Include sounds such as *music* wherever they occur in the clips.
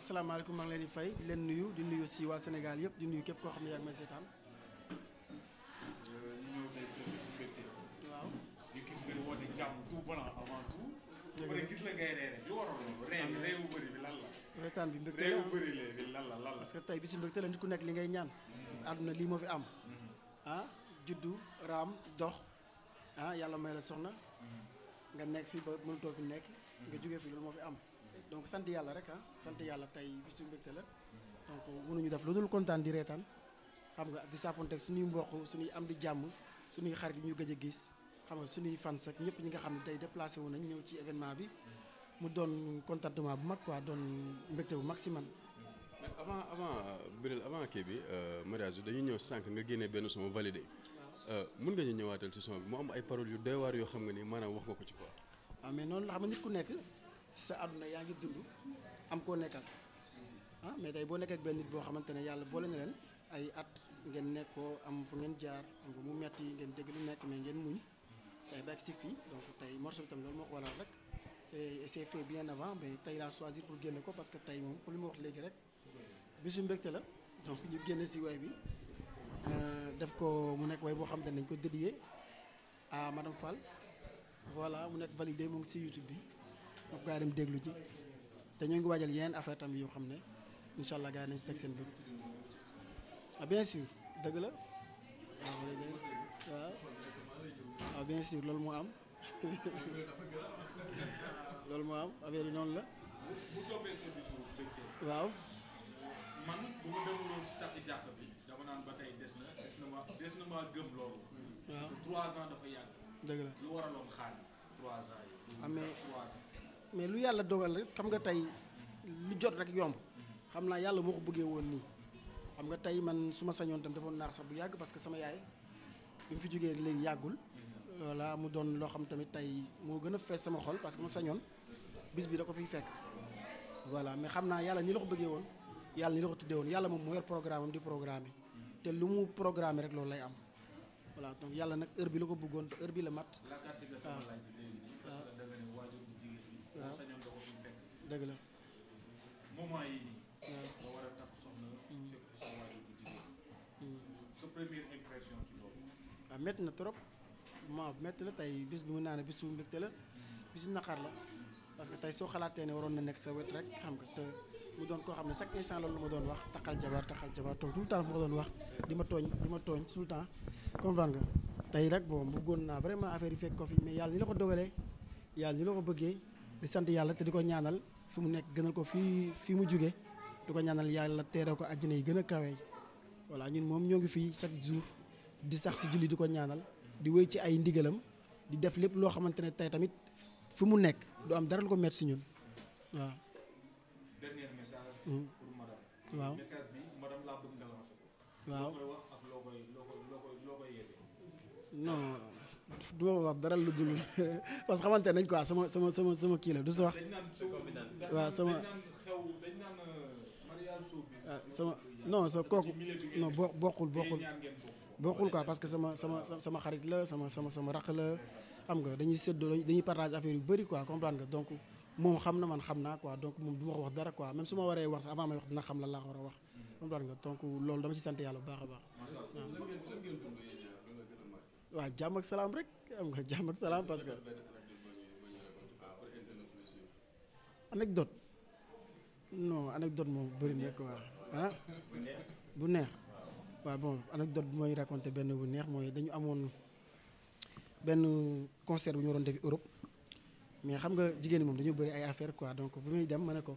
asalaamaaleykum maa leen di fay di leen nuyu di nuyu si waa Sénégal yëpp di nuyu képp koo xam ne yaa ngi may seetaan. Euh, la bi waroon bi lan la. reetaan bi mbégte la ree bu bi lan parce que tey bi si mbégte la nit ku nekk li ngay ñaan. Mm-hmm. parce que àdduna lii moo fi am. Mm-hmm. ah juddu raam dox ah, yàlla may la soxna. Mm-hmm. nga nekk fi ba mënutoo fi nekk. nga jógee fi loolu moo fi am. donc sant yàlla rek ah sant yàlla tey bisu mbégte la donc mënuñu def lu dul kontaan di reetaan xam nga di saafonteeg suñuy su suñuy am di jàmm suñuy xarit yu ñu gëj a gis xam nga suñuy fans ak ñëpp ñi nga xam ne tey déplacé wu nañ ñëw ci événement bi mu doon contentement bu mag quoi doon mbégte bu mag si man mais avant avant Biril avant kii bi euh, mariage bi dañu ñëw sànq nga génne benn son validé euh, mun nga ñëwaatal si son bi mu am ay paroles yu doy waar yoo xam nga ni maanaam wax nga ko ci quoi. Ah, sa àdduna yaa ngi dund am koo nekkal ah mais tey boo nekkee ak benn nit boo xamante ne yàlla boole na leen ay at ngeen nekkoo am fu ngeen jaar am fu mu metti ngeen dégg lu nekk mais ngeen muñ tey ba si fii donc tey morceau bi tamit loolu moo ko waral rek c'est c'est fait bien avant tey laa choisir pour génne ko parce que tey moom pour li ma wax léegi rek bisu la donc ñu génne si way bi euh, def ko mu nekk way boo xam ne dañ ko dédié à madame fal voilà mu nekk validé mu ngi YouTube bi. donc gaa yi dem déglu ji te ñoo ngi waajal yeneen affaire tam yoo xam ne incha allah gaa yi nañ si seen bët ah bien sûr dëgg la waaw ah, waaw bien sûr loolu moo am *laughs* loolu moo am affaire yi noonu la. waaw. trois ans dafa yàgg. dëgg la amee mais lu yàlla dogal rek xam nga tey lu jot rek yomb xam naa yàlla moo ko bëggee woon nii xam nga tey man su ma sañoon tam defoon naar sax bu yàgg parce que sama yaay bi mu fi jógee léegi yàggul voilà mu doon loo xam tamit tey moo gën a fees sama xol parce que ma sañoon bis bi da ko fiy fekk voilà mais xam naa yàlla ni la ko bëggee woon yàlla ni la ko tuddee woon yàlla moom moo yor programme di programme te lu mu programme rek loolu lay am voilà donc yàlla nag heure bi la ko bëggoon te bi la mat waaw dëgg la moment yii nii. nga war a mm. mm. ah, na trop ma métti la tey bis bi mu naa ne bis bu mbégte la bisu naqar la parce que tey soo xalaatee ne waroon na nekk sa wet rek xam nga te mu doon koo xam ne chaque instant loolu lu ma doon wax taxal jabar taxal jabar toog tout le ma doon wax di ma tooñ di ma tooñ tout le temps comprendre nga tey rek bon bëggoon naa vraiment affaire yi fekk ko fi mais yàlla ni la ko dogalee yàlla ni la ko bëggee di sant yàlla te di ko ñaanal. fi mu nekk gënal ko fii fii mu jóge du ko ñaanal yàlla teere ko àjjana yi gën a kawe voilà ñun moom ñoo ngi fii chaque jour di sax si julli di ko ñaanal di wéy ci ay ndigalam di def lépp loo xamante ne tey tamit fi mu nekk du am dara lu ko met si ñun waaw. Hmm. waaw message bi madame laa bëgg nga lancer du ma wax dara lu dul *laughs* parce que xamante nañ quoi sama sama sama sama kii la du sa wax. waa sama waaw euh, ah, sama non sa kooku non bo bokkul bokkul. bokkul quoi parce que sama sama sama xarit la sama sama sama raq la xam nga dañuy séddoo dañuy partage affaire yu bëri quoi comprendre nga donc moom xam na man xam naa quoi donc moom du ma wax dara quoi même su ma waree wax sax avant may wax dina xam la laa war a wax mm-hmm. comprendre nga donc loolu dama ci sant yàlla bu baax a baax. waaw jàmm ak salaam rek am nga jàmm ak salaam parce que. anecdote non anecdote moom bëri nekk quoi ah. bu neex. waaw bon anecdote bu may raconté benn bu neex mooy dañu amoon benn concert bu ñu waroon def Europe. mais xam nga jigéen ñi moom dañoo bëri ay affaire quoi donc bu muy dem ma ne ko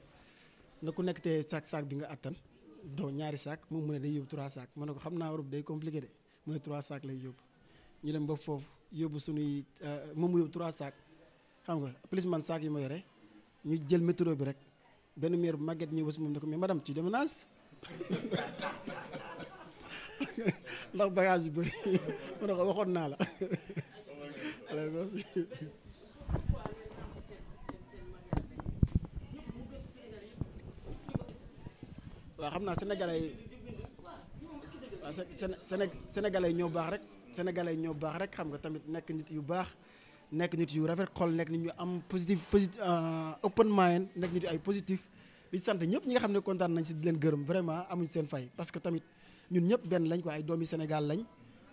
na ku nekk te saak saak bi nga attan doo ñaari saak moom mu ne day yóbbu trois saak ma ne ko xam naa Europe day compliqué de mu ne trois saak lay yóbbu. ñu dem ba foofu yóbbu suñuy euh, moom mu yóbbu trois sacs xam nga plus man sac yi ma yore ñu jël métro bi rek benn maire bu màgget ñëw ba si moom ne ko mais madame tu déménages *laughs* ndax bagage yu bëri *laughs* mu ne ko waxoon naa la. *laughs* waaw xam naa sénégalais yi waaw sénégalais yi ñoo baax rek. sénégalais ñoo baax rek xam nga tamit nekk nit yu baax nekk nit yu rafet xol nekk nit ñu am positif positif euh, open mind nekk nit ay positif di sant ñëpp ñi nga xam ne kontaan nañ si di leen gërëm vraiment amuñ seen fay que tamit ñun ñëpp benn lañ ko ay doomi Sénégal lañ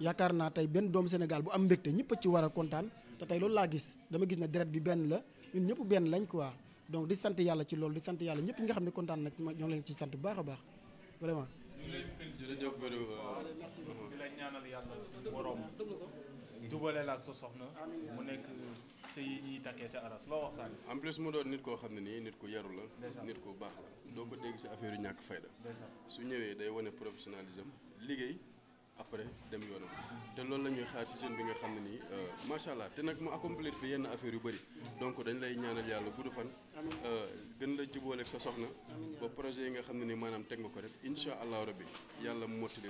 yaakaar naa tey benn doomu Sénégal bu am mbégte ñëpp ci war a kontaan te tey loolu laa gis dama gis ne deret bi benn la ñun ñëpp benn lañ quoi donc di sant yàlla ci loolu di sant yàlla ñëpp ñi nga xam ne kontaan nañ ñoo leen ci sant bu baax a baax vraiment. ñaanal yàlla suñu borom jubale la ak sa soxna mu nekk sa yi ñuy takkee ca aras loo wax sànni en plus mu doon nit koo xam ne nii nit ko yaru la nit ku baax la doo ko dégg si affaire yu ñàkk fayda su ñëwee day wone professionnalisme liggéey après dem yoonam te loolu la ñuy xaar si jeune bi nga xam ne nii euh, macha allah te nag mu accomplir fi yenn affaire yu bëri donc dañ lay ñaanal yàlla gudd fan. Euh, gën la jubóoleeg sa soxna. ba projet yi nga xam ne nii maanaam teg nga ko rek incha allah rabbi yàlla mottali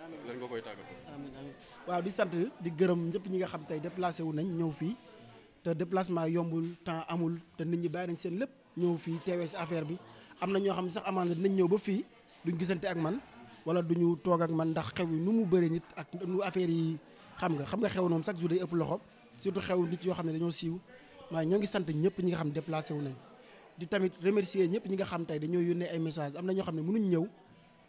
lan nga koy tàggatoo. waaw di sant di gërëm ñëpp ñi nga xam tey déplacé wu nañ ñëw fii te déplacement yombul temps amul te nit ñi bàyyi nañ seen lépp ñëw fii teewee si affaire bi am na ñoo xam ne sax amaan nañ ñëw ba fii duñ gisante ak man wala duñu toog ak man ndax xew yi nu mu bëri nit ak nu affaire yi xam nga xam nga xew noonu chaque jour day ëpp loxo surtout xew nit yoo xam ne dañoo siiw maa ñoo ngi sant ñëpp ñi nga xam déplacé wu nañ di tamit remercier ñëpp ñi nga xam tey dañoo yónnee ay message am na ñoo xam ne mënuñ ñëw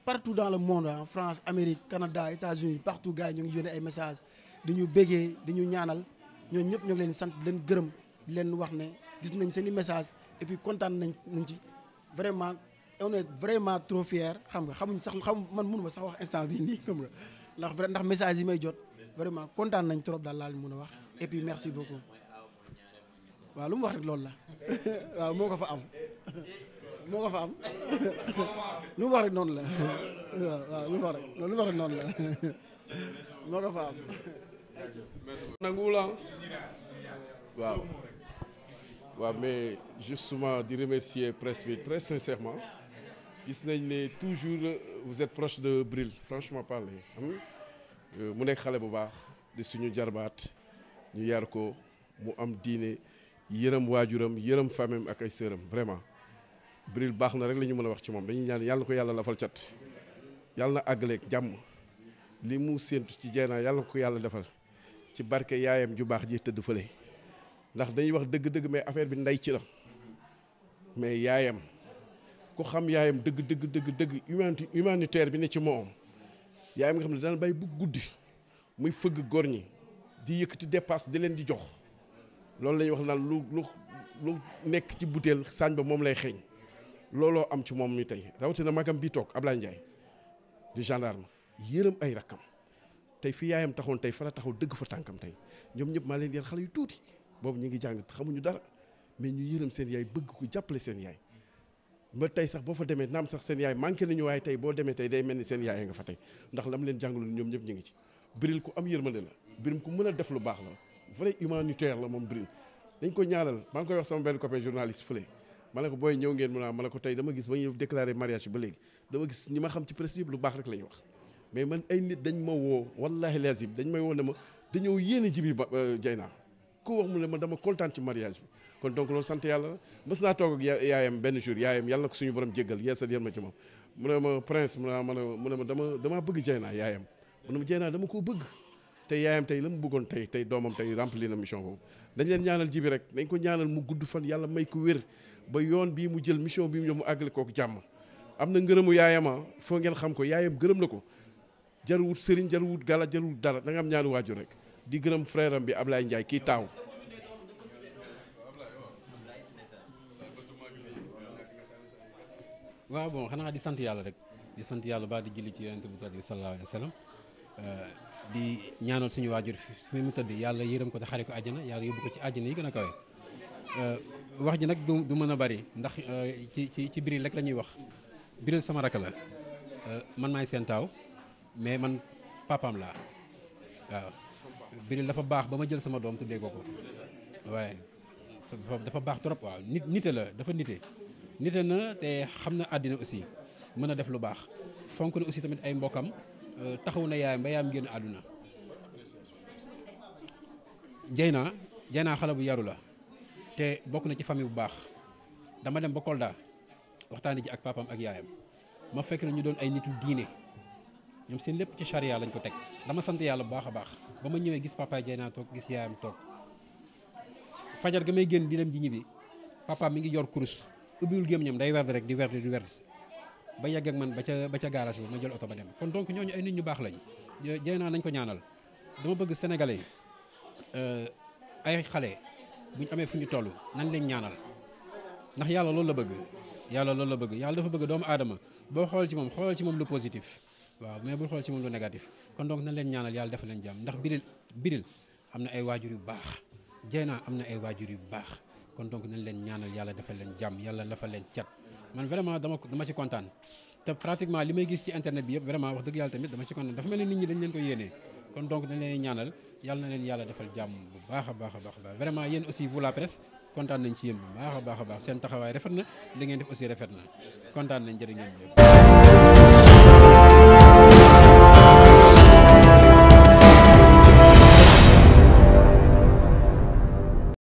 partout dans le monde en France Amérique Canada États-Unis partout gars yi ñu ngi yónnee ay message di ñu béggee di ñu ñaanal ñooñu ñëpp ñu ngi leen sant leen gërëm leen wax ne gis nañ seen i messages et puis kontaan nañ nañ ci vraiment on vraiment trop fier xam nga xamuñ sax xam man mënu ma sax wax instant bi nii xam nga ndax vrai ndax message yi may jot vraiment kontaan nañ trop daal laal leen mën a wax et puis merci beaucoup waaw lu mu wax rek loolu la *laughs* moo ko fa am. moo ko fa am lu mu wax rek noonu la waaw waaw lu mu moo ko fa am nanguwul ah. waaw waaw mais justement di remercier presse bi très sincèrement gis nañ ne toujours vous êtes proche de Bril franchement parler euh, mu nekk xale bu baax di suñu jarbaat ñu yar ko mu am diine yërëm waajuram yërëm famem ak ay sëram vraiment Bril baax na rek lañu mën a wax ci moom dañuy ñaan yàlla ko yàlla lafal cat yàlla na àggaleeg jàmm li mu séentu ci Dieyna yàlla ko yàlla defal ci barke yaayam ju baax ji tëdd fële ndax dañuy wax dëgg-dëgg mais affaire bi ndey ci la mais yaayam ku xam yaayam dëgg dëgg dëgg dëgg bi ne ci moom yaayam nga xam ne daan bàyyi bu guddi muy fëgg góor ñi di yëkkati dépasse di leen di jox loolu la wax naan lu lu lu nekk ci butéel saañ ba moom lay xeeñ looloo am ci moom mi tey rawatina magam bi toog Ablaye Ndiaye di ma yërëm ay rakkam tey fi yaayam taxoon tey fa la taxaw dëgg fa tànkam tey ñoom ñëpp maa leen yar xale yu tuuti boobu ñu ngi jàng xamuñu dara mais ñu yërëm seen yaay bëgg ko jàppale seen yaay ba tey sax boo fa demee naam sax seen yaay manqué nañu waaye tey boo demee tey day mel ni seen yaay nga fa tey ndax lam leen jàngaloon ñoom ñëpp ñu ngi ci Bril ku am yërmande la Bril a def lu baax la vrai la moom Bril dañ ko ñaanal maa ngi koy wax sama benn copain ma ne ko booy ñëw ngeen mun a ah, ma ne ko tey dama gis ba ñu déclaré mariage ba léegi dama gis ñi ma xam ci presse bi yëpp lu baax rek la wax mais man ay nit dañ ma woo wallahi lazim dañ may woo ne ma dañoo yéene jibi ba euh, Dieyna ku wax mu ne ma dama kontaan ci mariage bi kon donc loolu sant yàlla la mës naa toog ak yaayam benn jour yaayam yàlla ko suñu borom jéggal yeesal yéen ma ci moom mu ne ma prince mu ne ma dama dama bëgg Dieyna yaayam mu ne te yaayam tey la mu bëggoon tey tey doomam tey remplir na mission boobu dañ leen ñaanal jibi rek dañ ko ñaanal mu gudd fan yàlla may ko wér ba yoon bii mu jël mission bi mu ñëw mu àggale kooku jàmm am na ngërëmu yaayama ah, foo ngeen xam ko yaayam gërëm na ko jaruwut sëriñ jaruwut gala jaruwut dara da am ñaari waajur rek di gërëm frère am bi Ablaye Ndiaye kii taaw waaw bon xanaa di sant yàlla rek di sant yàlla baa di julli ci yonent bi sallallahu di ñaanal suñu waajur fi mu tëdd yàlla yërëm ko te xare ko àjjana yàlla yóbbu ko ci àjjana yi gën a kawe euh, wax ji nag du du mën a bari ndax euh, ci ci ci Biril rek la ñuy wax Biril sama rakk la euh, man maay seen taaw mais man papaam la waaw Biril dafa baax ba ma jël sama doom tuddee ko ko waaye dafa baax trop waaw nit nite la dafa nite nite na te xam na àddina aussi mën a def lu baax fonk na aussi tamit ay mbokkam taxaw na yaayam ba yaayam génn àdduna Dieyna Dieyna xale bu yaru la te bokk na ci famille bu baax dama dem ba Kolda waxtaani ji ak papam ak yaayam ma fekk na ñu doon ay nit nitu diine ñoom seen lépp ci charia lañ ko teg dama sant yàlla bu baax a baax ba ma ñëwee gis papa Dieyna toog gis yaayam toog fajar ga may génn di dem ji ñibbi papa mi ngi yor kurus ubbiwul gémmiñam day werd rek di werd di werd ba yegg ak man ba ca ba ca garage bi ma jël oto ba dem kon donc ñooñu ay nit ñu baax lañ jey naa nañ ko ñaanal dama bëgg sénégalais yi euh, ay xale buñ amee fu ñu toll nan leen ñaanal ndax yàlla loolu la bëgg yàlla loolu la bëgg yàlla dafa bëgg doomu aadama boo xool ci moom xoolal ci moom lu positif waaw mais bul xool ci moom lu négatif kon donc nan leen ñaanal yàlla def leen jàmm ndax biril biril am na ay waajur yu baax jey naa am na ay waajur yu baax kon donc nañ leen ñaanal yàlla defal leen jàmm yàlla defal leen cat man vraiment dama dama ci kontaan te pratiquement li may gis ci internet bi yëpp vraiment wax dëgg yàlla tamit dama ci kontaan dafa mel ne nit ñi dañ leen ko yéenee kon donc dañ leen ñaanal yàlla na leen yàlla defal jàmm bu baax a baax a baax vraiment yéen aussi vous la presse kontaan nañ ci yéen bu baax a baax a baax seen taxawaay rafet na li ngeen def aussi rafet na kontaan nañ jërë ngeen